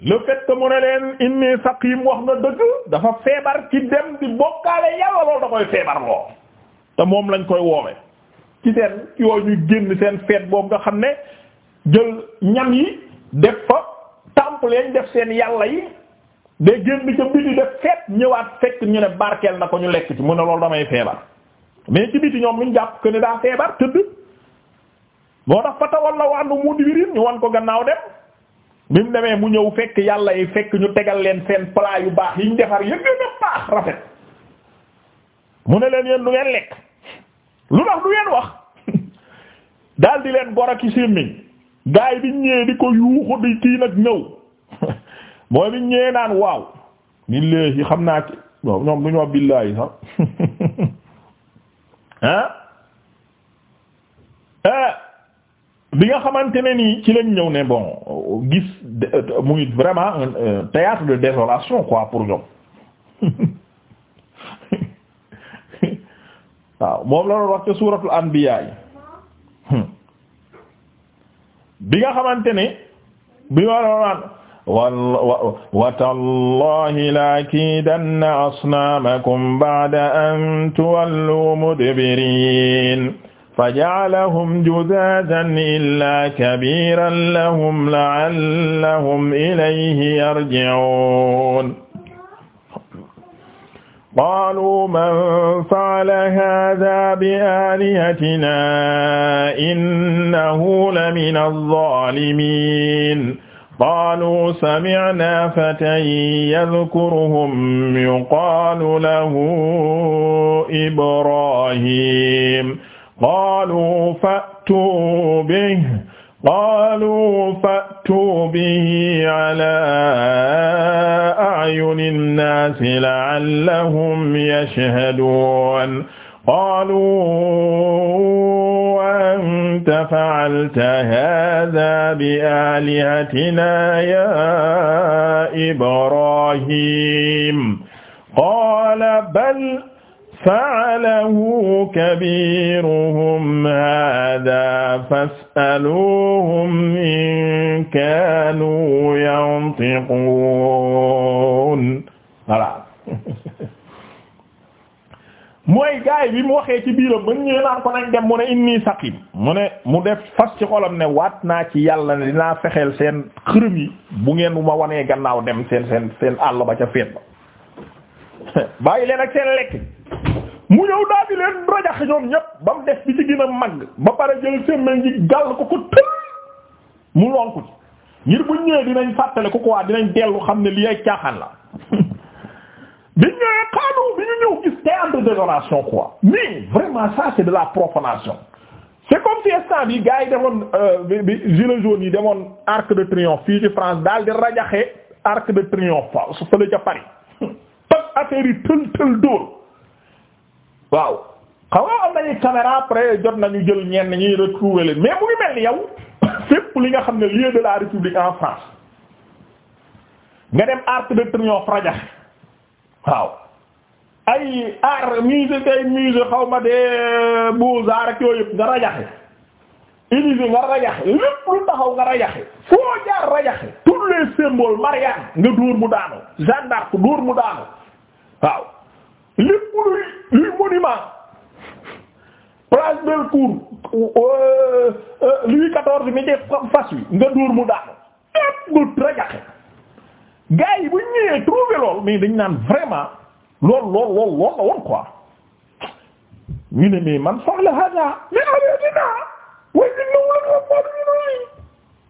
le fait que mu ne leen inni saqim wax na dëgg dafa feebar ci dem di bokkaale yàlla loolu da koy feebar loo te moom lañ koy woowe ci seen yooyu ñu génn seen feet boobu nga xam ne jël ñam yi def fa temple leen def seen yàlla yi de génn ca biti def feet ñëwaat fekk ñu ne barkeel na ko ñu lekk ci mu ne loolu damay feebar mais ci biti ñoom luñ jàpp que ne daa feebar tëdd moo tax fa tawal la wàllu mudibirin ñu wan ko gannaaw dem. bi mu demee mu ñëw fekk yàlla yi fekk ñu tegal leen seen plat yu baax yi ñu defar yëpp yëpp baax rafet mu ne leen yéen du ngeen lekk lu tax du ngeen wax daal leen gor ak i simmiñ gaa yi ñëwee di ko yuuxu di kii nag ñëw mooy bi ñëwee naan waaw billaahi xam naa ci ñoom du ñu billaahi sax ah eh? bi nga xamante ne nii ci lañ ñëw ne bon gis muy vraiment un théâtre quoi pour ñoom moom la doon wax ca suuratul anbiya yi bi nga xamante ne bi ma doon wax wa wa mudbirin faja'alahum judaadan illaa kabiiran lahum la'allahum ilayhi yarji'uun qaaluu man fa'ala haadhaa biaalihatinaa innahu lamina az-zaalimiin qaaluu sami'naa fatan yadhkuruhum yuqaalu lahu ibraahiim qaalu fa'tuu bihi qaalu fa'tuu bihi alaa a'yuni nnaasi la'allahum yashhaduun qaaluu anta fa'alta haadhaa bi'aalihatinaa yaa Ibraahiim qaala bal fa'alahu kabiruhum haadaa fas'aluuhum in kaanuu yantiquun voilà mooy gaay bi mu waxee ci biiram ba ñëwee ko nañ dem mu ne inni saqim mu ne mu def fas ci xolam ne waat naa ci yàlla ne dinaa fexeel seen xërëm yi bu ngeen bu ma wanee gannaaw dem seen seen seen àll ba ca feet ba bàyyi leen ak seen lekk mu ñëw daal di leen rajax ñoom ñépp ba mu def bi ci gën a mag ba pare jël semmañ ji gàll ko ko tël mu lonku ci ngir bu ñëwee dinañ fàttale ko ko quoi dinañ dellu xam ne li ay caaxaan la bi ñëwee xaalu bi ñu ñëw gis théâtre d'adoration quoi mais vraiment ça c'est de la profanation c'est comme si instant bi gars yi demoon euh, bi gilets jaunes demoon arc de triomphe fii ci France daal di rajaxee arc de triomphe fa su fële ca Paris yi tël tël dóor waaw xaw nga am nañu caméra après jot nañu jël ñenn ñuy retrouver leen mais mu ngi mel ni yow fépp li nga xam ne lieu de la république en France nga dem Arc de Triomphe rajax waaw ay art musée kay musée xaw ma de Beaux-Arts ak yooyu yëpp nga rajaxe Élysée nga rajaxe lépp lu taxaw nga rajaxe foo jaar rajaxe tous les symboles mariage nga dóor mu daanu Jeanne d'Arc dóor mu daanu waaw lépp luy luy monument place Bellecour euh, euh, Louis quatorze mi def fas nga dóor mu daanu lépp nga rajaxe gars yi bu ñu ñëwee lool mais dañ naan vraiment lool lool lool lool la woon quoi ñu ne mais man fax la hada mais abeetina way di naw la nga foofu ñu noonu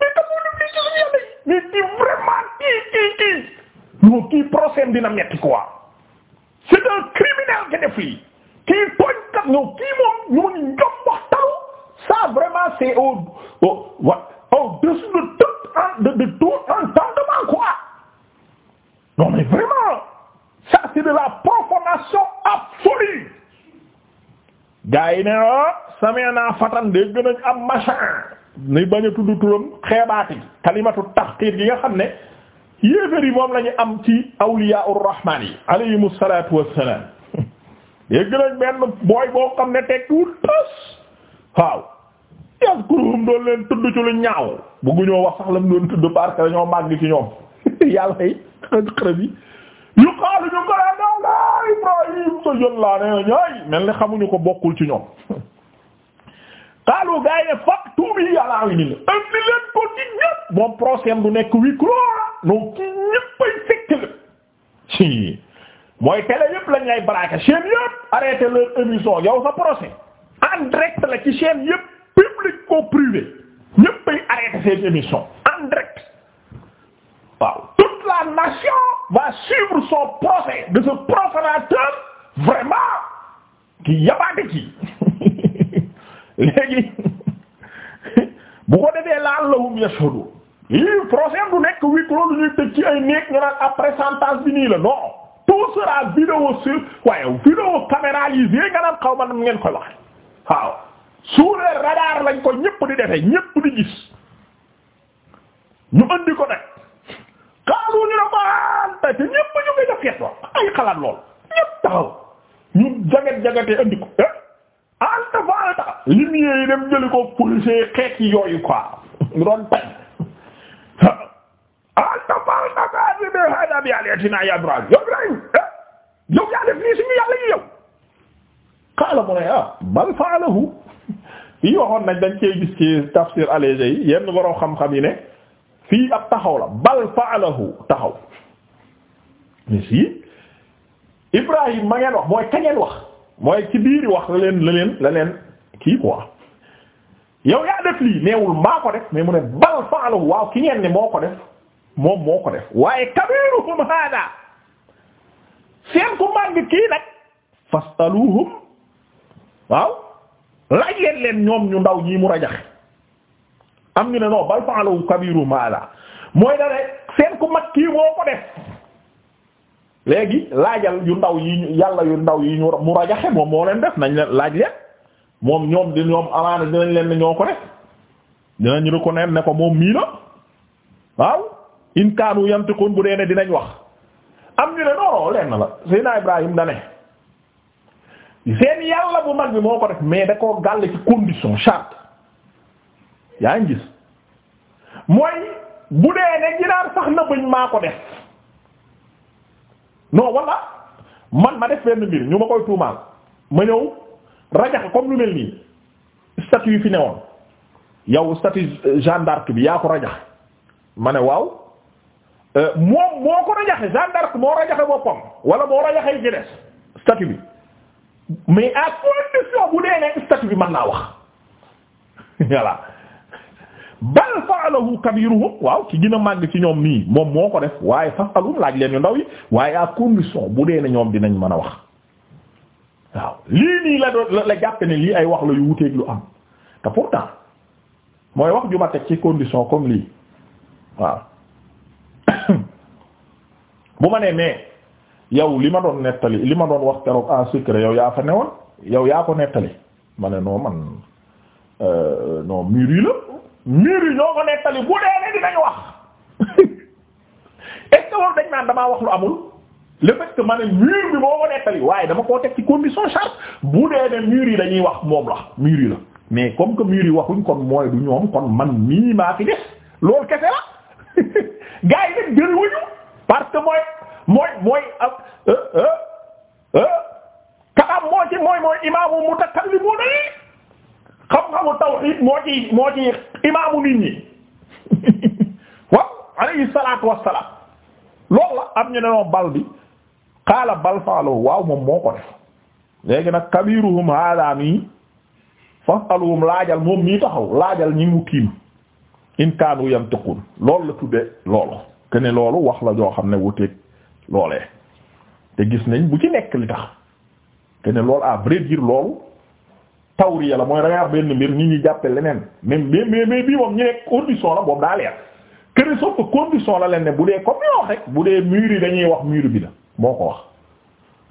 mais tam wala fii ci suñu yàlla yi mais kii vraiment kii kii c'est un criminel qui def lii kii tooñkat ñëw kii moom ñu mun jom wax talu ça vraiment c'est au au au-dessus de tout en de tout entendement quoi non mais vraiment ça c'est de la profanation absolue gaa yi ne ah sami'na fatan dégg nañ am machin ni bañ a tudd turam xeebaati kalimatu tahqir gi nga xam ne. yéefér yi moom lañu am ci awliya urrahman yi alayhimu salaatu wassalaam dégg nañ benn booy boo xam ne tekkiwul tas waaw yazkuruhum doon leen tudd ci lu ñaaw bëgguñoo wax sax lam doon tudd parce dañoo màgg ci ñoom yàlla yi xërëb mel ni xamuñu ko bokkul ci ñoom xaalu gaa yi ne fa tuubi am ni leen ko ci ñëpp moom procès du nekk huis clos non kii ñëppay fekk la mooy télé yëpp la lay braqué chaîne yëpp arrêté leur émission yow sa procès en direct la ci chaîne yëpp public ko privé ñëppay arrêté seen émission en direct waaw toute la nation va suivre son procès de ce profanateur vraiment ki yabaate ci léegi bu ko defee la allahum yashhadu yii procès du nekk huis clos du ñuy ay néeg ñu naan après sentence bi nii la non tout sera vidéo sur waaye vidéo caméralisée nga naan xaw ma nam ngeen koy wax waaw sous les radars ko ñëpp di defee ñépp di gis ñu andi ko nag xaalu ñu ne maanta ah, te ñépp ko anta faalta lim yi dem jëli ko policier xeet yooyu quoi ñu doon andamal nagabi be hada bi aliatina ya ibrahim yow ibrahim eh? yow yaa def lii suñu yàlla yi yow qaala mu ne ah nañ dañ cee gis ci yi yenn waroo xam-xam yi ne fii ab taxaw la bal faalahu taxaw mais si ibrahim ma ngeen wax mooy ka wax mooy ci wax la leen la leen la leen kii yow yaa def lii neewul maa ko def mais mu ne bal faalahu waaw ki ngeen ne moo ko def moom moo ko def waaye kabiruhum hada seen ku màgg kii nag fastaluhum waaw laaj leen leen ñoom ñu ndaw ñii mu rajax am ñu ne non bal fa'alu kabiruhum hada mooy da seen ku mag kii moo ko def léegi laajal yu ndaw yi yàlla yu ndaw yi ñu mu rajaxe moom moo leen def nañ leen laaj leen moom ñoom di ñoom amaana dinañ leen ne ñoo ko def dinañ reconnaître ne ko moom mii waaw in kaanu yantiqun bu dee ne dinañ wax am ñu ne non lenn la Seydina Ibrahim da seen yàlla bu mag bi moo ko def mais da koo gàll ci condition charte yaa ngi mooy bu dee ne ginaar sax na bëñ maa ko def non wala man ma def benn mbir ñu ma koy tuumaal ma ñëw rajax comme lu mel nii statut yi fi newoon yow statut Jeanne d'Arc bi yaa ko rajax ma ne waaw. Euh, moom moo ko rajaxe gendarme moo rajaxe boppam wala moo rajaxe yi ci des statut bi mais à condition bu dee ne statut bi mën naa wax voilà bal fa'alahu kabiruhum waaw ci gën a màgg ci ñoom nii moom moo ko def waaye fasalum laaj leen yu ndaw yi waaye à condition bu dee ne ñoom dinañ mën a wax waaw lii nii la doon la jàppe ne lii ay wax la yu wuteeg lu am te pourtant mooy wax ju ci condition comme lii waaw bu ma nee mais yow li ma doon nettali li ma doon wax keroog en secret yow yaa fa ne woon yow yaa ko nettali ma ne non man euh, non mur yi la mur ñoo ko nettali bu dee ne dinañ wax est ce que loolu naan damaa wax lu amul le que ma ne mur bi moo ko nettali waaye dama koo teg ci condition bu dee ne mur yi dañuy wax moom la mur la mais comme que mur yi waxuñ kon mooy du ñoom kon man mii maa fi des loolu kese la gars yi nag jëriñu parce que mooy mooy ab euh, euh, euh, kabaam moo ci mooy mooy imaamu mutakallimuuna yi xam-xamu tawhid moo ci moo ci imaamu nit ñi waaw alayhi salaatu wassalaam loolu la am ñu ne noonu bal bi qaala bal faalu waaw moom moo ko def léegi nag kabiruhum hada mi fasaluhum laajal moom mii taxaw laajal ñi mu kiim in kaanu yantiqun loolu la tudde loolu kene loolu wax la joo xam ne wuteek loolee te gis nañ bu ci nekk li tax te ne loolu à vrai dire loolu tawriya la mooy da ngay wax benn mbir nit ñi jàppe leneen mais mais mais bii moom ñu nekk condition la boobu daa leer kër condition la leen ne bu dee comme yoo wax rek bu dee mur yi dañuy wax mur bi la moo ko wax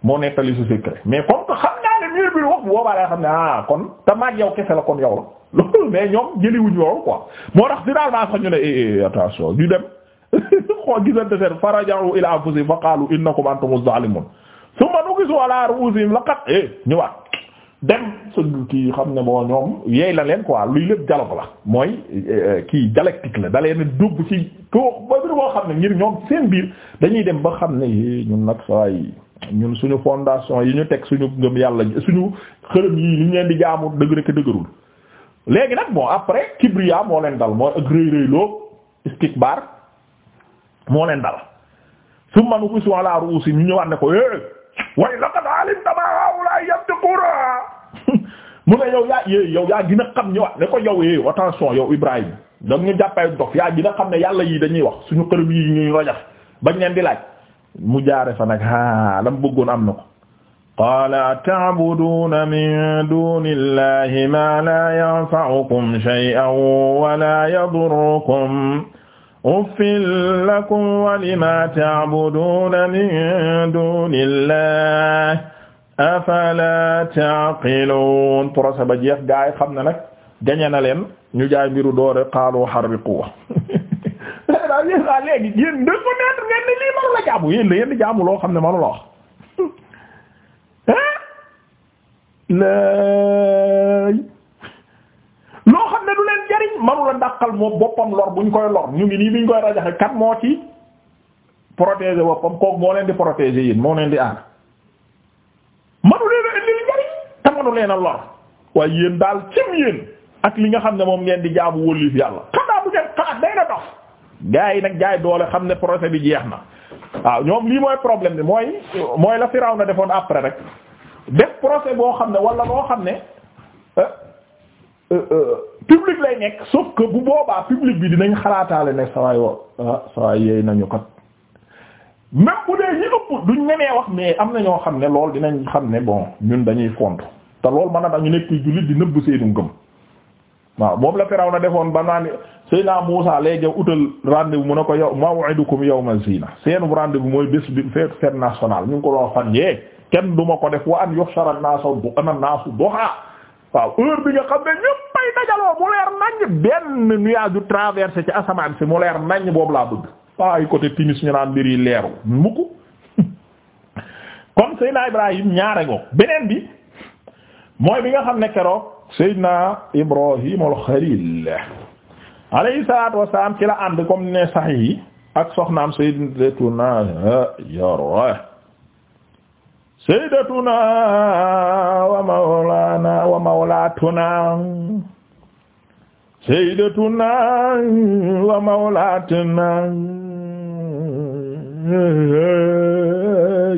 moo nettali su secret mais comme que xam naa ne mur bi wax bu xam ne ah kon te maag yow kese la kon yow la loolu mais ñoom jëliwuñ loolu quoi moo tax finalement sax ñu ne eh, eh, attention dem xoo gisante seen faraja'u ila anfusihim fa qalu innakum antum zalimun thumma nukisu ala ru'usihim laqad eh ñëwaat dem sëñ kii xam ne boo ñoom yeey la leen ko quoi luy lépp ko la mooy eh, kii dialectique la da leen dugg ci koo ba biir boo xam ne ngir ñoom seen biir dañuy dem ba xam ne eh, ñun nag saa yi ñun suñu fondation yi ñu teg suñu ngëm yàlla suñu xërëm yi ñu leen di jaamu dëgg rek dëgërul. léegi nag bon après kibriya moo leen dal mooy ak rëy loo istikbar moo leen dal summa nukisu ruusi ñu ñëwaat ne ko eh way laqad alimta ma haula yantiquna mu ne yow yaa yee eh, yow yaa gën a xam ñëwaat ne ko yow eh attention yow Ibrahim da ñu jàppay dof yaa gën a xam ne yàlla yii dañuy wax suñu xërëm yi ñuy rajax bañ leen di laaj mu jaare fa nag ah la mu bëggoon am na ko. qaala min duuni llahi ma la yanfa'ukum shay'an wa yadurrukum uffin lakum wa lima ta'buduuna min duunillahi afalaa ta'qiluun procès ba jeex gaay xam na nag gañe na leen ñu jaay mbiru doore qaalu harriqu léegi yéen de ko neet ngeen ni lii manu la jaamu yéen la yéen di jaamu loo xam ne manu la wax loo xam ne du leen njariñ manu la dàqal moom boppam lor buñ koy lor ñu ngi nii biñ koy rajaxe kat moo ci protéger boppam kooku moo leen di protéger yéen moo leen di aar manu leen a indil njariñ te manu leen a lor waaye yéen daal cim yéen ak li nga xam ne moom ngeen di jaabu wólif yàlla xanaa bu ngeen xalaat day na dox gaa yi nag jaay doole xam ne procès bi jeex na waaw ñoom lii mooy problème bi mooy mooy la firaw na defoon après rek def procès boo xam ne walla boo xam ne euh, euh, euh, public lay nekk sauf que bu boobaa public bi dinañ xalaataale ne sawaay wo ah sawaay yeey nañu ko même bu dee ñu ëpp duñ ñemee wax mais am na ñoo xam ne lool dinañ xam ne bon ñun dañuy font te loolu man na dañu nekk jullit di nëbb seenu ngëm waaw moom la firaw na defoon ba naa ni Seydina Muusa léegi utal rendez-vous mu ne ko yow maw'idukum ma zina seenu rendez bu mooy bés bi fête fête nationale ñu ngi ko doon fan yee kenn duma ko def wa an yuhshara an-naasu an-naasu duhaa waaw heure bi nga xam ne ñëpp bay dajaloo mu leer naññ benn nuage du traversé ci asamaan si mu leer naññ boobu laa bëgg waaw ay côté timis ñu naan mbir yi leeru mukk kon Seydina Ibrahim ñaare ngo beneen bi mooy bi nga xam ne keroog Seydina Ibrahim al-Khalil alayhi salaatu wassalaam ci la ànd comme ne sax ak soxnaam Sayyidatuna Haajara sayyidatuna wa mawlana wa mawlatuna sayyidatuna wa mawlatuna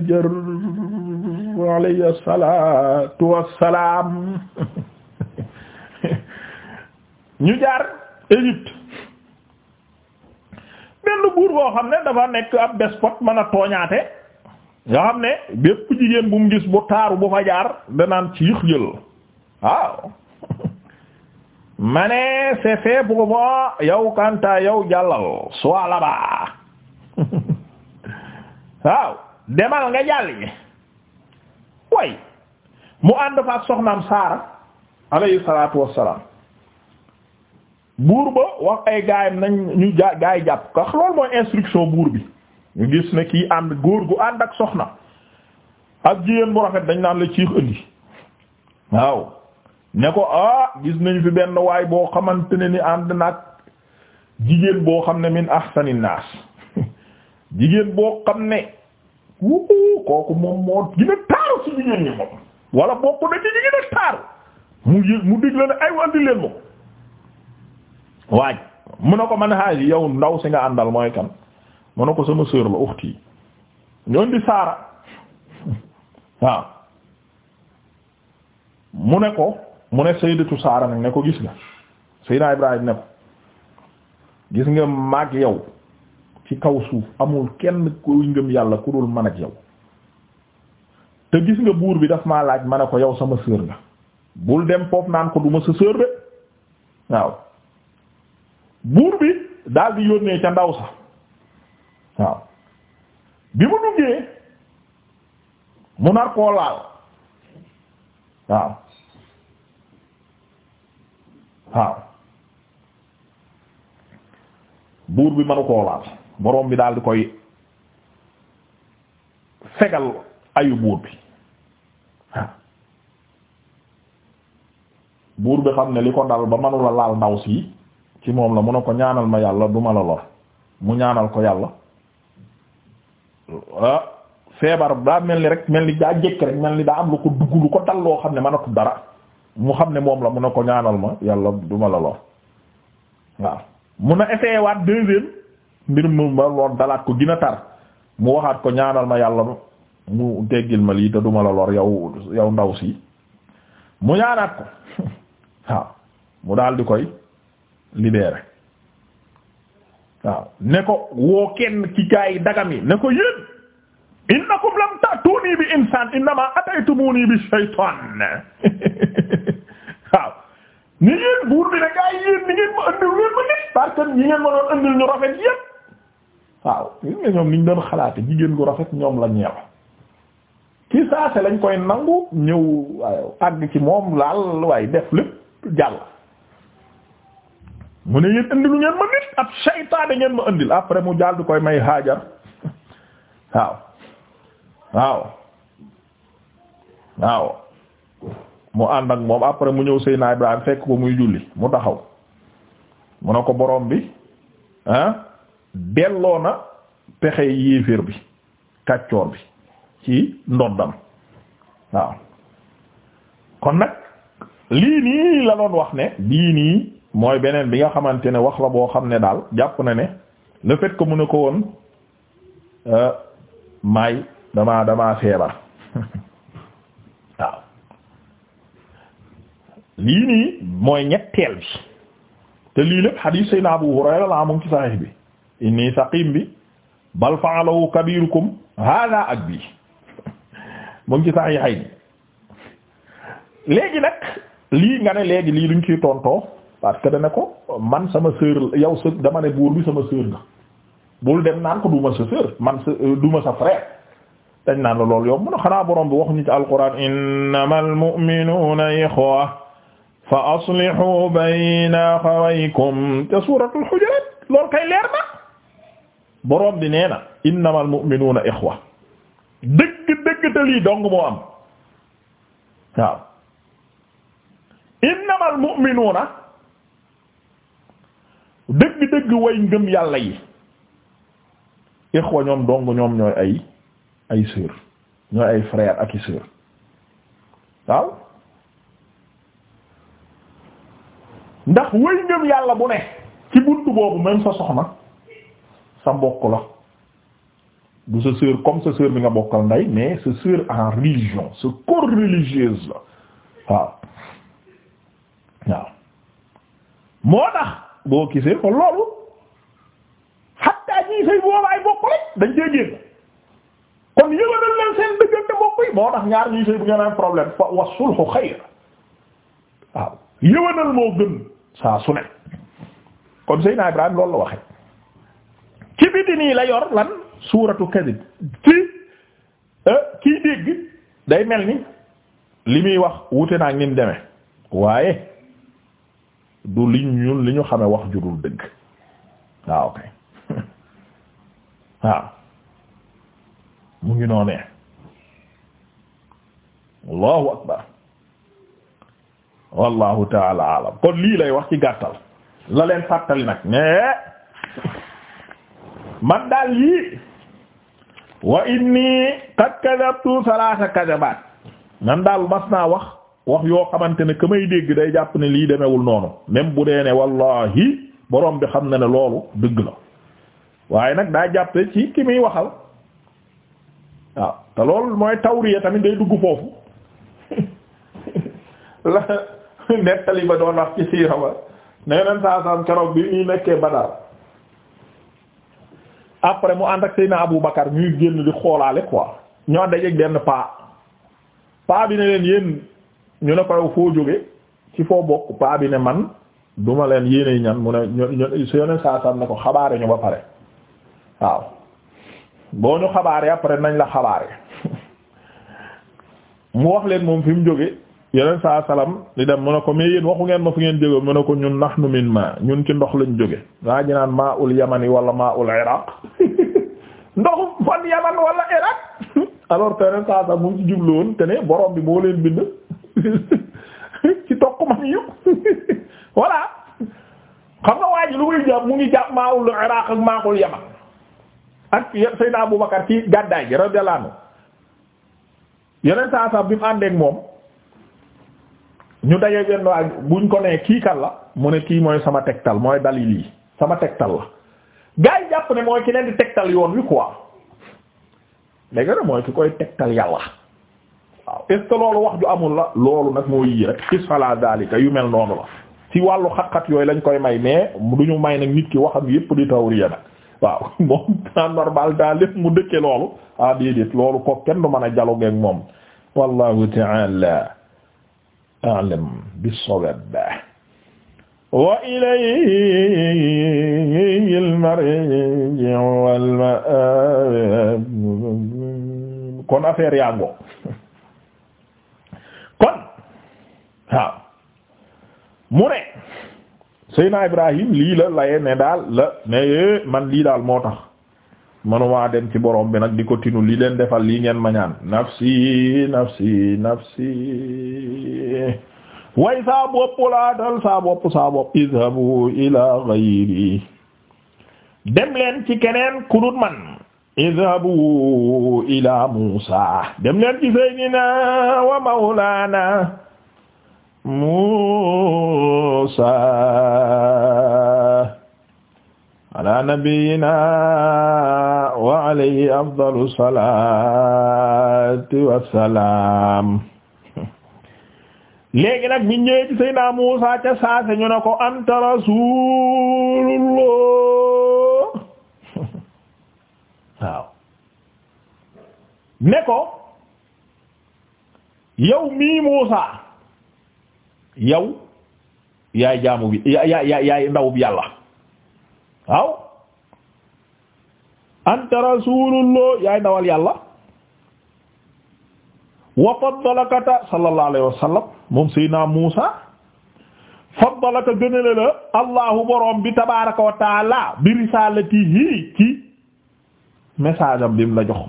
jër alayhi salaatu wassalaam ñu jaar Égypte benn buur boo xam ne dafa nekk ab despote mën a tooñaate nga xam ne bépp jigéen bu mu gis bu taaru bu fa jaar danaan ci yëx jël waaw ma ne c'est fait pour moi yow kanta yow jàllal soit là waaw demal nga jàll yi way mu ànd fa ak soxnaam Saara alayhi salaatu wassalaam buur ba wax ay gaayam nañ ñu gaay jàpp kax loolu mooy instruction buur bi ñu gis ne kii ànd góor gu ànd ak soxna ak jigéen bu rafet dañ naan la ciix indi waaw ne ko ah gis nañu fi benn waay boo xamante ne ni ànd nag jigéen boo xam ne min ahsani naas jigéen boo xam ne wuu kooku moom moo gën a taaru ci jigéen ñi moom wala bokk na ci ñi gën a taaru mu yë mu dig ne ay wandi leen moom waaj mu ne ko man haaj yow ndaw si nga àndal mooy kan ma ne ko sama sœur la uxti ñoon di saara waaw mu ne ko mu ne sayyidatu saara nag ne ko gis nga sayyidina Ibrahim ne ko gis nga maag yow ci kaw suuf amul kenn kuy ngëm yàlla ku dul man ak yow te gis nga buur bi daf maa laaj ma ne ko yow sama sœur nga bul dem foofu naan ko duma sa sœur de waaw buur bi daal di yónnee ca ndaw sax waaw bi mu duggee mu nar koo laal waaw waaw buur bi manu koo laal borom bi daal di koy fegal ayu buur bi buur bi xam ne li ko dal ba manula laal ndaw si ci moom la mu ne ko ñaanal ma yàlla duma la lor mu ñaanal ko yàlla ah feebar daa mel ni rek mel ni daa jekk rek mel ni daa am lu ko dugg lu ko dal loo xam ne man mënatu dara mu xam ne moom la mun a ko ñaanal ma yàlla duma la waaw mu a essayé waat deuxième mbir mu ma lor dalaat ko gën a tar mu waxaat ko ñaanal ma yàlla mu teggil ma lii te duma la lor yow ndaw si mu ñaanaat ko waaw mu daal di koy libéré waaw ne ko woo kenn ci gaay dagam yi ne ko yéen innakum lam ta'tuni bi insaan innama ataytumuni bi shaytaan waaw ni yéen buur bi ne gaay yéen ni ngeen ma andil ngeen ma nit parce que ñi ngeen ma doon andil ñu rafet yépp waaw li nga ñoom niñ doon xalaate jigéen gu rafet ñoom la ñeew ci saase lañ koy nangu ñëw waaye àgg ci moom laal waaye def lépp jàll mu ne yéen indilu ngeen ma nit ab saytaane ngeen ma indil après mu jaal di koy may Hajar waaw waaw waaw mu ànd ak moom après mu ñëw Seydina Ibrahim fekk ko muy julli mu taxaw mu ne ko borom bi ah delloo na pexe yéeféer bi kàccoor bi ci ndoddam waaw kon nag lii nii la doon wax ne bii nii mooy beneen bi nga xamante ne wax la boo xam ne daal jàpp na ne le ko mu ne ko woon euh, may dama damaa feebar waaw lii nii mooy ñetteel bi te lii lépp xadiis sayna Abu Hurayra la mu ngi ci saxiix bi inni saqim bi bal fa'alahu kabirukum hada ak bi mu ngi ci saxiix yi léegi nag lii nga ne léegi lii duñ ci tontoo parce que dana ko man sama sœur yow sa dama buur bi sama sœur nga bul dem naan ko duma sa man sa euh, duma dañ naan la loolu yow mun a xanaa borom bi waxuñu ci alquran innamal mu'minuna ikhwa fa aslihu bayna akhawaykum te suratul hujurat loolu kay leer na borom bi nee na innamal mu'minuna ikhwa dëgg dëgg te lii dong moo am waaw innamal mu'minuna dëgg-dëgg way ngëm yàlla yi ixwa ñoom dong ñoom ñooy ay ay sœur ñooy ay frère ak i sœur waaw ndax way ngëm yàlla bu ne ci buntu boobu même sa soxna sa mbokk la du sa sœur comme sa sœur bi nga bokkal ndey mais sa sœur en religion sa co-religieuse la waaw waaw moo tax boo gisee kon loolu xatta ñii sëy boobaay bokk rek dañ cee kon yëwénal leen seen dëggante bokk yi moo tax ñaar ñii sëy bu ngeen am problème fa wa sulhu xayr waaw yëwénal moo gën saa su kon Seydina Ibrahim loolu la waxee ci biti nii la yor lan suuratu kadib ci euh, kii dégg day mel ni li muy wax wute naa ngi deme waaye du li ñun li ñu xame wax ju dul dëgg waaw kay waaw mu ngi noonee allahu akbar wallahu taala alam kon lii lay wax ci gàttal la leen fàttali nag ne man daal yii wa inni qad kadabtu salaasa kadabaat man daal mas naa wax wax yoo xamante ne ka may dégg day jàpp ne lii demewul noonu même bu dee ne wallahi borom bi xam na ne loolu dëgg la waaye nag daa jàppe ci ki muy waxal waaw te loolu mooy tawriya tamit day duggu foofu la nettali ba doon wax ci siira ba saa saam keroog bi ñuy nekkee Badar après mu ànd ak Seydina Abu Bakar ñuy génn di xoolaale quoi ñoo dajeek benn paa paa bi ne leen yéen ñu ne ko yow foo jóge ci foo bokk paa bi ne man duma leen yéene ñan mu ne ñu su yoneen saa ne ko xabaare ñu ba pare waaw boo ñu xabaaree après nañ la xabaare mu wax leen moom fi mu jóge yeneen saa di dem mu ne ko mais yéen waxu ngeen ma fu ngeen jóge mu ne ko ñun nax min ma ñun ci ndox lañu jóge waa ji naan maa ul yamani wala maa ul iraq ndoxu fan yaman wala iraq alors que yeneen saa salaam mu ngi woon te ne borom bi moo leen bind ci toq ma ñu voilà xam nga waa ji lu muy jàpp mu ngi jàpp maawul Iraq ak maawul Yaman ak Seydina Abubakar ci gàddaay gi radiyallahu yeneen saa sax bi mu àndeek moom ñu dajee benn waa buñ ko nee kii kan la mu ne kii mooy sama tegtal mooy dalil yi sama tegtal la gaa yi jàpp ne mooy ki leen di tegtal yoon wi quoi dégg nga mooy ki koy tegtal yàlla. waaw est loolu wax ju amul la loolu nag moo yii rek xis fala dalika yu mel noonu la ci wàllu xat-xat yooyu lañ koy may mais du ñu may nag nit ki waxam yépp di tawriya nag waaw moom temps normal daa lépp mu dëkkee loolu ah déedéet loolu ko kenn du mën a dialoguer ak moom wallahu ta'ala a'lam bis-sawab wa ilayhi al-marji'u wal ma'ab mu ne Seyna Ibrahim lii la laye ne daal la ne eh, man lii daal moo tax manumaa dem ci borom bi nag di ko lii leen defal lii ngeen mañaan ñaan nafsi nafsi nafsi way saa bopp laa dal saa bopp saa bopp izhabu ila ghayri dem leen ci keneen ku dul man izhabu ila Musa dem leen ci Seydina wa Mawlana Muusaa ala nabiyyina wa alayhi afdalu salaatu wa salaam léegi nag bi ñëwee ci Muusaa ca saase ñu ne ko anta rasuulullah waaw ne ko yow mii Muusaa yow yaay jaamu bi yaay yaay yaay bi yàlla waaw anta rasulullah yaay ndawal yàlla wa faddalakata sallallahu alayhi wa sallam moom sayna Muusa faddalaka gënale la allahu borom bi tabaraka wa taala bi risalatihi ci message am bi mu la jox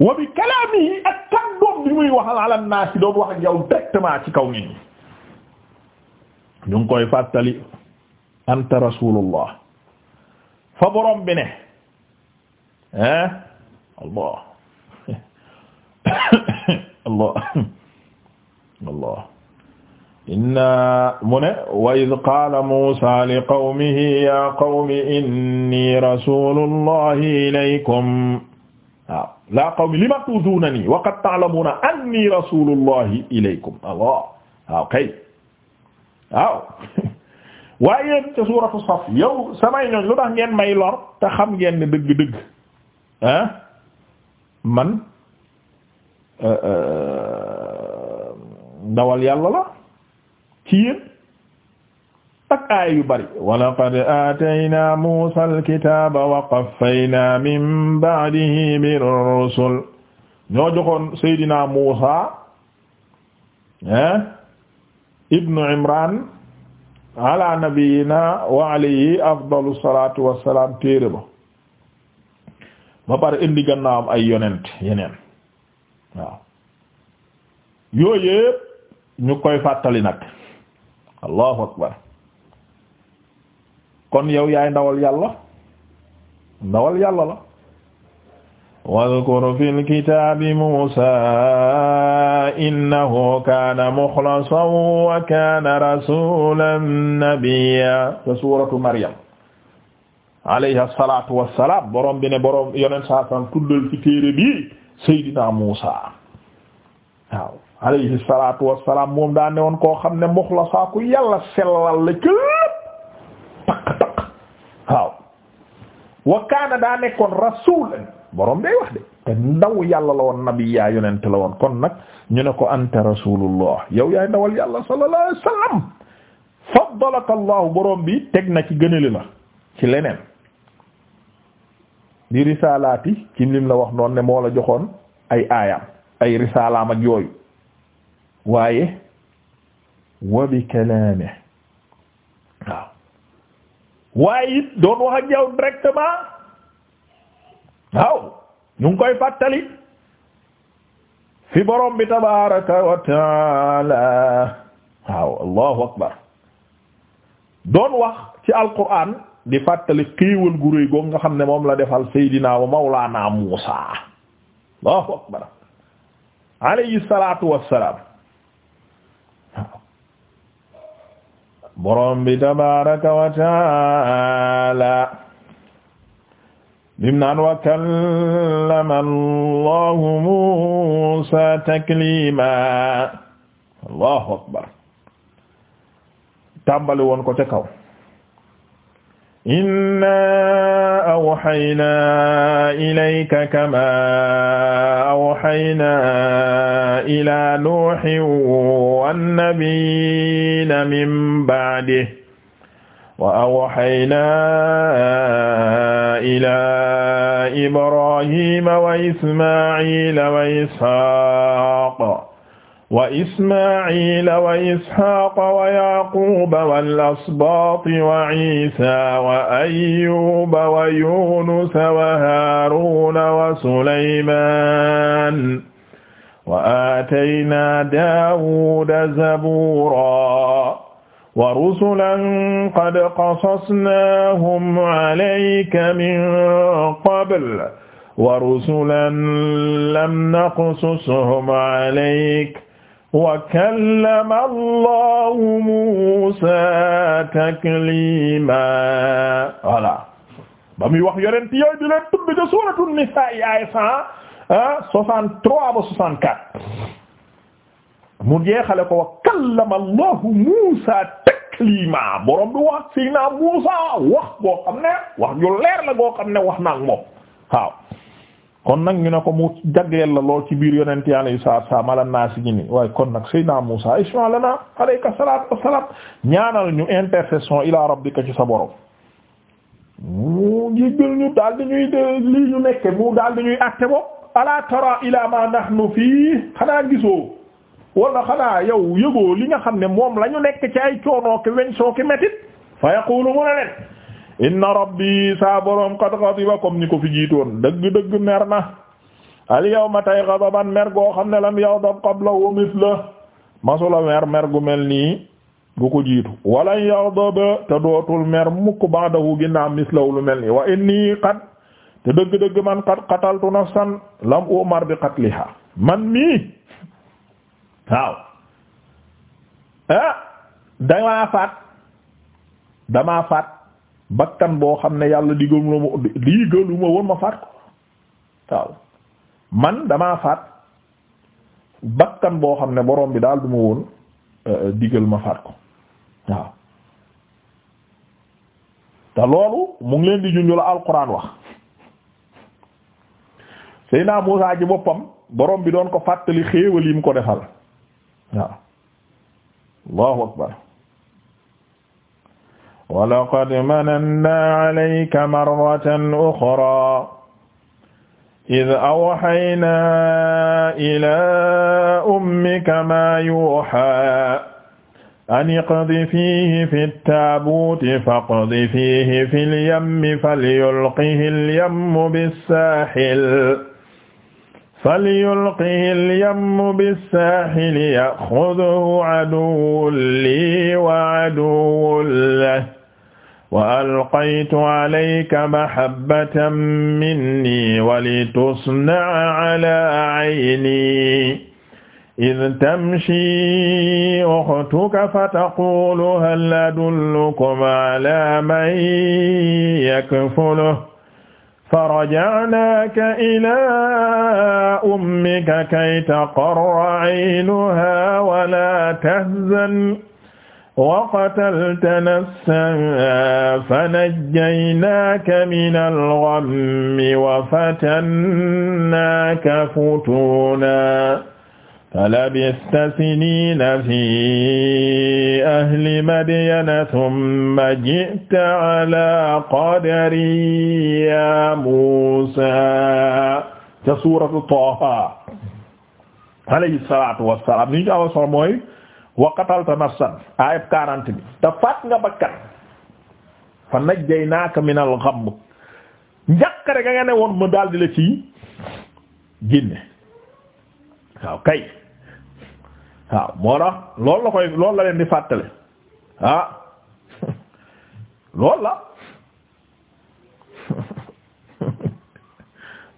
wa bi kalaamihi ak kàddoom bi muy waxal ala naas doon wax ak yow directement ci kaw nit ñu ngi koy fàttali anta rasulullah fa borom bi ne hein allah allah allah inna mu ne wa id qaala muusa li qawmihi ya qawmi inni rasulullahi ilaykum waaw laa qawmi lima tu'zunani wa qad ta'lamuna anni rasulullahi ilaykum allah waaw kay waaw waaye yéen ca suuratu saf yow samay ñooñ lu tax ngeen may lor te xam ngeen ne dëgg-dëgg ah man euh, euh, ndawal yàlla la ci yéen ak aaya yu bari wa laqad aatayna muusa alkitaaba wa qaffayna min ba'dihi bir rusul ñoo joxoon seydina muusa ah ibnu imran ala nabiyina wa alayhi afdalu salatu wassalam téere ba ba pare indi gannaawam ay yonent yeneen waaw ñu koy fàttali nag allahu akbar kon yow yaay ndawal yàlla ndawal yàlla la wadkur fi lkitabi musa innahu kana muxlasan wa kana rasulan nabiyya te suratu maryam alayhi asalatu wassalam borom bi ne borom yonent saa san tuddal ci téere bi saydina musa waaw alayhi salatu wassalam moom daa ne woon koo xam ne muxlasa ku yàlla sellal la ci lépp tak tak waaw wa kaana daa nekkoon rasulan borom day wax de te ndaw yàlla la woon nabi yaa yonent la woon kon nag ñu ne ko anta rasulullah yow yaay ndawal yàlla sallallahu alayhi wasallam faddalaka allahu borom bi teg na ci gënali la ci leneen di risaalaati ci lim la wax noonu ne moo la joxoon ay aayam ay risaalaam ak yooyu waaye wa bi kalaame waaw waaye it doon wax ak yow directement waaw ñu ngi koy fàttali fi borom bi tabaraka wa taala waaw allahu akbar doon wax ci alquran di fàttali xéewal gu réy nga xam ne moom la defal seydina wa mawlaana Muusa bi wa taala mim naan wa kallama allahu Muusaa taklima allahu akbar tàmbali woon ko ca kaw inna awxaynaa ilayka kama awxaynaa ilaa nuuhin wannabiyiina min ba'dihi wa awhaynaa ilaa Ibraahiima wa Ismaa'iila wa Ishaaqa wa Ismaa'iila wa Ishaaqa wa Yaquuba wal asbaati wa Iisaa wa Ayyuuba wa Yuunusa wa Haaruuna wa Sulaymaan wa aataynaa Daawuuda zabuuraa wa rusulan qad qasasnaahum alayka min qabl wa rusulan lam naqsushum alayka wa kallama Allahu Muusaa takliimaa voilà ba muy wax yonent yooyu di leen tudd ca suuratu Nisaa ay cent ah, soixante-trois ba soixante-quatre mu jeexale ko wa kallama allahu Muusa taklima borom bi wax si naa Muusa wax boo xam ne wax ju leer goo xam ne wax naag moom waaw kon nag ñu ne ko mu jagleel la lool ci biir yonent yàlla yu saa saa mala naa si ñu ni waaye kon nag Seydina Muusa ishfa lana alayka salaatu wassalaam ñaanal ñu intercession ila rabbika ci sa borom. mu jéggal ñu daal di ñuy lii ñu nekke mu daal di ñuy àtte bopp ala tara ila ma nahnu fii xanaa gisoo. wala xanaa yow yëgoo li nga xam ne moom la nekk ci ay coonoo ki weñ soo ki métit fa yaqulu mu ne leen inna rabbi saa boroom qad ghadiba comme ni ko fi jiitoon dëgg-dëgg mer na al yawma tay ghadaban mer goo xam ne lam yaghdab la mithla masula mer mer gu mel nii bu ko jiitu wala yaghdab te dootul mer mukk ba'dahu ginnaaw mithlahu lu mel nii wa inni qad te dëgg-dëgg man qad qataltu nafsan lam umar bi qatliha man mii waaw ah damaa faat damaa faat bakkan boo xam ne yàlla digalu ma digalu ma woon ma faat ko waaw man damaa faat bakkan boo xam ne borom bi daal du ma woon eh, digal ma faat ko waaw te loolu mu ngi leen di junju la alquran wax Seydina Muusaa ji boppam borom bi doon ko fàttali xéewal yi mu ko defal waaw allahu akbar wa laqad manannaa alayka marratan uxraa id awxaynaa ilaa ummika maa yuuxaa an iqdifiihi fi ttaabuuti faqdifiihi fi lyammi falyulqihi lyammu bissaaxil falyulqihi alyammu bissaahili yaxudhu aduwwun lii wa aduwwun lahu wa alqaytu alayka mahabbatan minnii walitusna'a alaa ayni id tamshi uxtuka fataquulu hal adullukum alaa man yakfuluhu faraja'naaka ilaa ummika kay taqarra aynuhaa wa laa tahzan wa qatalta nafsan fanajjaynaaka minal ghammi wa fatannaaka futuunan falabista sinina fi ahli madyana thumma ji'ta ala qadari ya Muusaa ca suuratu Taaha alayhi salaatu wassalaam ni ñu awa solo mooy wa qatalta nafsan aayat quarante bi te faat nga bakkan fa najjaynaaka min al-ghamm njàqare ga nga ne woon mu daldi la ci génne waaw kay waaw moo tax leen di fàttale loola ah loolu la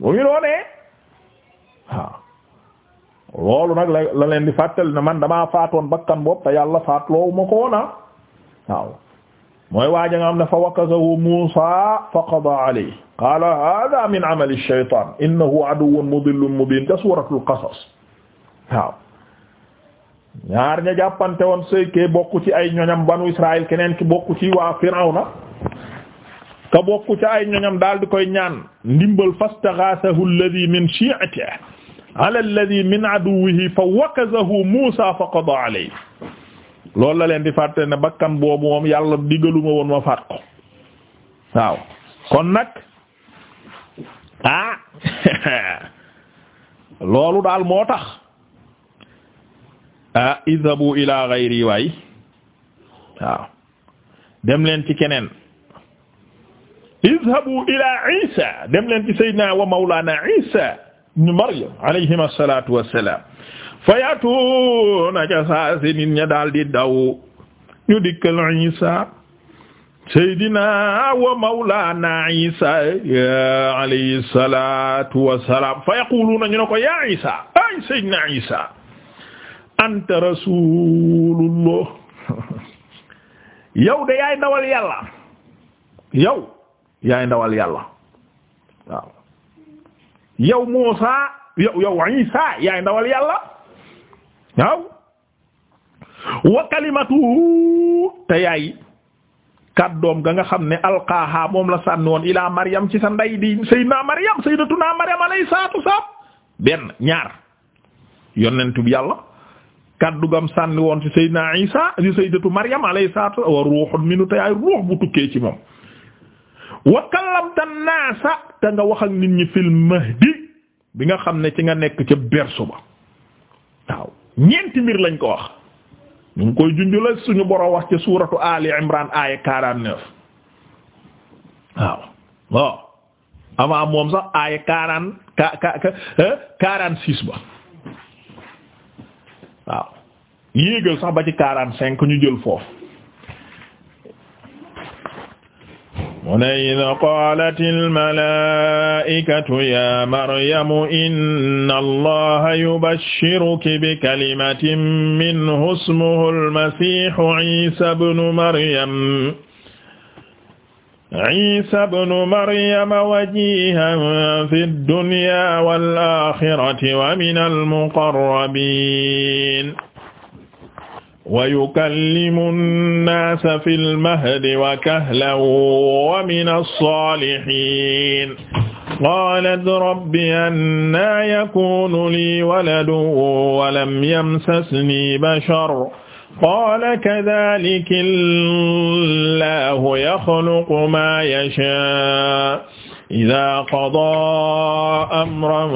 mu ngi doonee nag la leen di fàttali na man dama faatoon bakkan bopp te yàlla faatloowu ma ko na ah mooy waaja nga am ne fa wakazahu Muusaa fa qada alayhi qaala haaza min amali shaytaan innahu aduwwun mudillun mubiin ca suuratul qasas waaw ñaar ña jàppante woon sëykee bokku ci ay ñoñam banu Israël keneen ki bokku ci waa Firawna ka bokku ci ay ñoñam daal di koy ñaan ndimbal fastaghathahu alladhi min shi'atihi ala alladhi min aduwwihi fa wakazahu Musa fa qada alayhi loolu la leen di fàtte ne bakkan boobu moom yàlla diggaluma woon ma faat ko waaw kon nag ah loolu daal moo tax ah idhabu ila ghayri waay waaw dem leen ci keneen idhabu ila isa dem leen ci sayyidina wa mawlana isa ibn maryam alayhim assalatu wassalam fayatuna ca saa si nit ña daal di daw ñu dikkal isa saydina wa mawlana isa alayhi salatu wassalam fa yaquluna ñu ne ko ya isa ay sayyidina isa anta rasulullah yow de yaay ndawal yàlla yow yaay ndawal yàlla waaw yow Muusaa yow yow yaay ndawal yàlla waaw wa kalimatu te yaay kàddoom ga nga xam ne alqaaha moom la sànni woon ilaa Maryam ci sa nday di sayyidina Maryam sayyidatuna Maryam alayhi salaatu wa salaam benn ñaar yonentu yàlla kaddu gam sànni woon ci Seydina Isa ci Sayyidatu Maryam alayhi salaatu wa ruuhun minhu te ay ruux bu tukkee ci moom wa kallamta te nga wax nit ñi fil mahdi bi nga xam ne ci nga nekk ca bersu ba waaw ñeenti mbir lañ ko wax ñu ngi koy junj la suñu boroom wax ca suuratu Ali Imran aaya quarante-neuf waaw waaw avant moom sax aaya quarante quarante-six ba waaw yéegal sax ba ci quarante cinq ñu jël foofu mu ne id qalat almalaikatu ya maryamu inna allaha yubashshiruki bi kalimatin minhu ismuhu almasihu isa ibnu maryam Isa ibnu Maryama wajihan fi dunya wal aaxirati wa minal muqarrabiin wa yukallimu nnaasa fil mahdi wa kahlan wa minas saalihiin qaalat rabbi annaa yakuunu lii waladun wa lam yamsasnii bashar qaala kadaalika Allaahu yaxluqu maa yashaa izaa qadaa amran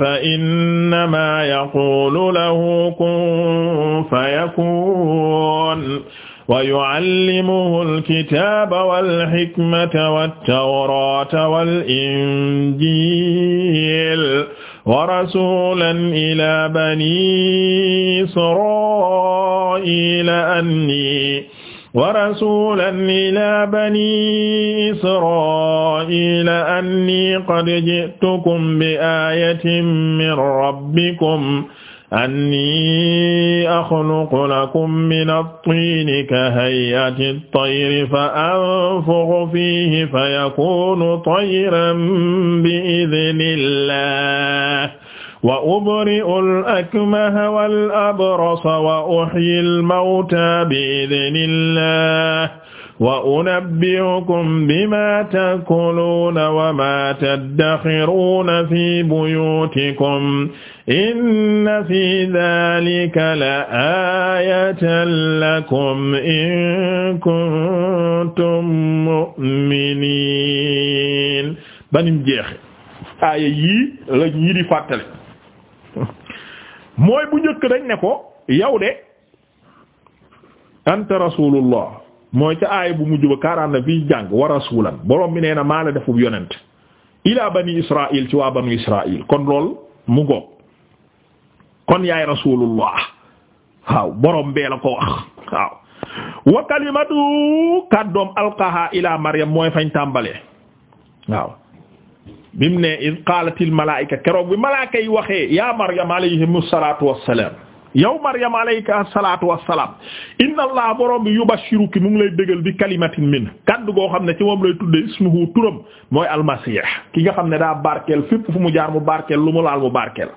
fa innamaa yaquulu lahu kun fayakuun wa yu'allimuhul kitaaba wal hikmata wat tawraata wal injiil wa rasulan ila bani israila anni wa rasulan ila bani israila anni qad ji'tukum bi ayatin min rabbikum anni axluqu lakum min at-tiini kahay'ati at-tayri fa anfukhu fiihi fa yakuunu tayran bi-idhnillah wa ubri'u al-akmaha wal-abrasa wa uhyi al-mawta bi-idhnillah wa unabbi'ukum bima ta'kuluna wa ma taddakhiruna fi buyutikum inna fi dhalika la ayatan lakum in kuntum mu'minin banim jeexe aaya yii la ñii di fàttale mooy bu njëkk dañ ne ko yow de anta rasulullah mooy ca aaya bu mujj ba kaaraana fii jàng wa rasulan borom bi nee na maa la defub yonent ilaa bani israil ci waa banu israil kon lool mu goog kon yaay rasulullah waaw borom bee la ko wax waaw wa kalimatu kàddoom alqaha ila maryam mooy fañ tàmbalee waaw bimu ne id qaalatil malaika keroog bi malaaka yi waxee maryam alayhim salatu wassalam yow Maryam alayka salaatu wassalaam inna allah borom bi yubashiruki mu ngi lay dëggal bi kalimatin min kàdd goo xam ne ci moom lay tudde ismuhu turam mooy almasih ki nga xam ne daa barkeel fépp fu mu jaar mu barkeel lu mu laal mu barkeel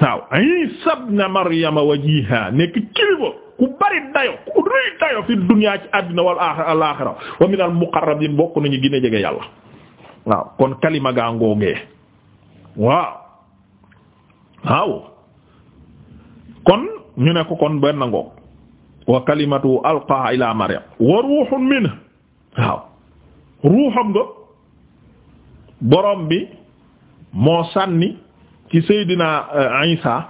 waaw Isa ibn Maryam wajiha nekk kilifa ku bari dayo ku rëy dayo fi dunya ci àddina wal aaxira wa min al muqarrabin bokk nañu gën a jege yàlla waaw kon kalima gaa ngoogee waaw waaw kon ñu ne ko kon benn ngoog wa kalimatu alqaha ila maryam wa ruuxun minhu waaw ruuxam nga borom bi moo sànni ci seydina euh, Isa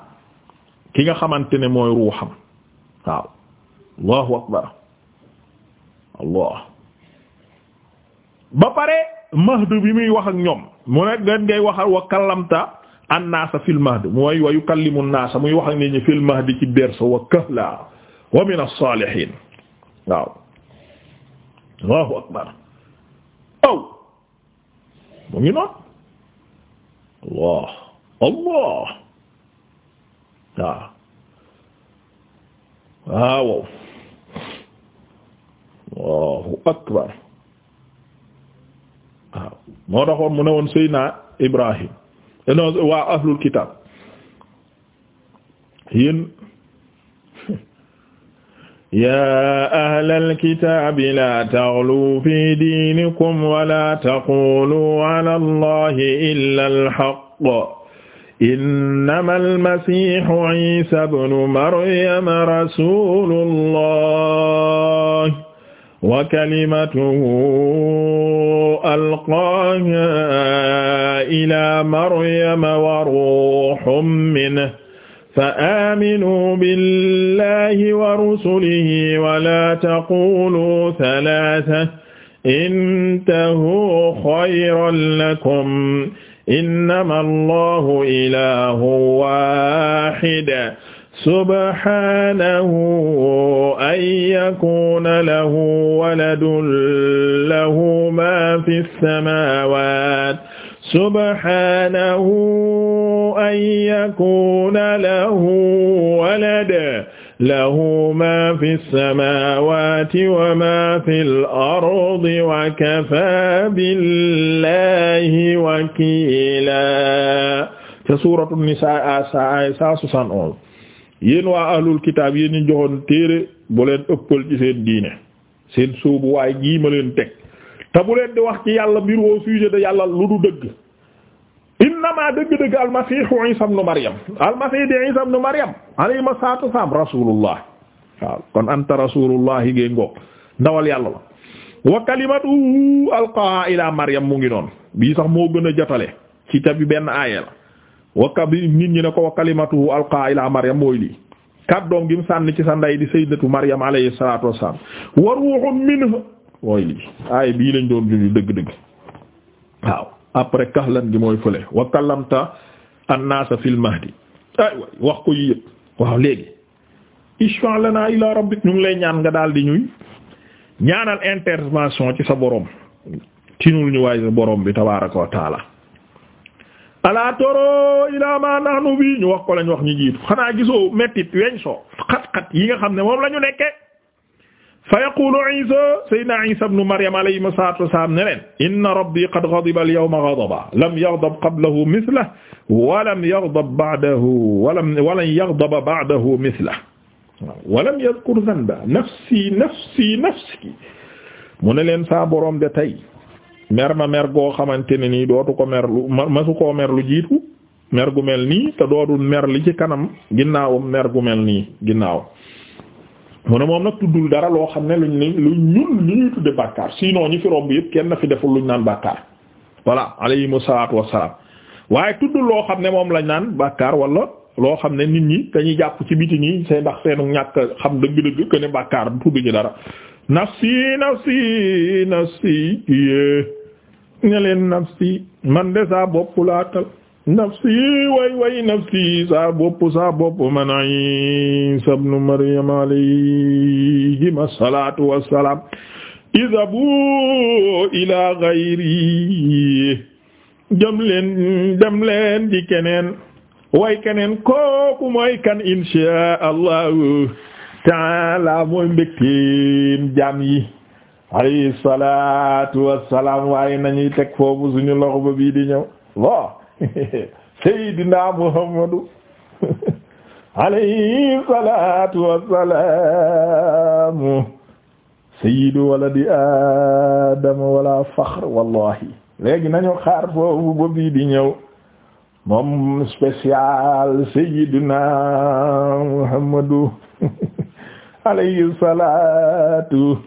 ki nga xamante ne mooy ruuxam waaw allahu akbar allah ba pare mahdu bi muy wax ak ñoom mu ne ngay waxal wa kallamta annaasa fil mahdi mooy wa yukallimu naasa muy wax ak nit ñi fil mahdi ci berceau wa kahla wa min as-saalihiin waaw allahu akbar aw mu ngi noonu allah allah waaw waaw allahu akbar waaw moo taxoon mu ne woon Seydina Ibrahim non waa ahlul kitab yéen yaa ahlal kitaabi laa taxlu fi diinikum wala taqulu ala allahi illa alxaq innama almasihu isa bnu maryama rasulu allah wa kalimatuhu alqaaha ilaa maryama wa ruuhun minhu fa aaminuu billaahi wa rusulihi wa laa taquuluu salaasa intahuu xayran lakum innamaa allaahu ilaahun waahid subhaanahu an yakuuna lahu waladun lahu maa fi samaawaat subhaanahu an yakuuna lahu waladun lahu maa fi samaawaati wa maa fil ardi wa kafaa billaahi wakiila ca suuratu nisaa aaya 171 yéen waa ahlul kitaab yéen ñu joxoon téere bu leen ëppal ci seen diine seen sóobu waaye gii ma leen teg te bu leen di wax ci yàlla mbir au sujet de yàlla lu du dëgg innama dëgg-dëgg almasihu isa ibn maryam almasih di isa ibn maryam alayhi salatu wassalam rasulullah waaw kon anta rasulullah yi ndawal yàlla la wa kalimatu alqaa ila maryam mu ngi noonu bii sax moo gën a jotale ci tabi benn aaya la wakka bi nit ñi ne ko wa kalimatuhu alqa ila maryam mooy lii kàddoom gi mu sànni ci sa ndey di sayyidatu maryam alayhi salatu wassalam wa ruhun minhu mooy lii aay bii lañ doon juñu dëgg-dëgg waaw après kahlan gi mooy fële wa kallamta annaasa fil mahdi ay wax ko yi yëpp waaw léegi ishfa lana ila rabbik ñu ngi lay ñaan nga daal di ñuy ñaanal intervention ci sa borom tinul ñu waay sa borom bi tabaraka wa alaa toro ilaa ma nahnu bi ñu wax ko lañ wax ñu jiitu xanaa gisoo mettit weñ soo xat-xat yi nga xam ne moom la ñu nekke fa yaqulu isa sayyidina isa ibn maryam alayhi salaatu wasalaam ne leen inna rabbi qad ghadiba al-yawma ghadaba lam yaghdab qablahu mithlahu wa lam yaghdab ba'dahu wa lam wa lan yaghdaba ba'dahu mithlahu wa lam yadhkur dhanba nafsi nafsi nafsi mu ne leen saa boroom de tey mer ma mer goo xamante ne nii dootu ko mer lu masu koo mer lu jiitu mer gu mel nii te dootu mer li ci kanam ginnaawam meer gu mel nii ginnaaw mu ne moom nag tuddul dara loo xam ne luñ ni lu ñun ñu tudde bàkkaar sinon ñi fi romb yëpp kenn fi deful luñ naan bàkkaar voilà alayhimu salaatu wassalaam waaye tuddul loo xam ne moom lañ naan bàkkaar wala loo xam ne nit ñi dañuy jàpp ci biti nii seen ndax seenu ñàkk xam dëgg-dëgg que ne bàkkaar tudd dara nafsi nafsi nafsi ne leen nafsi man de saa bopp laa tal nafsi way way nafsi saa bopp saa bopp man Isa ibn Maryam alayhi salaatu wassalaam idhabu ila ghayri jëm leen dem di keneen way keneen kooku mooy kan insha allahu taala mooy mbégteen jaam yi alayhi salaatu wassalaam waaye nañuy teg foofu suñu loxo ba bii di ñëw lo Seydina Muhammadu alayhi salaatu wassalaam sayyidu waladi aadama wala faxr wallahi léegi nañu xaar foofu ba bii di ñëw moom spécial Seydina Muhammadu alayhi salaatu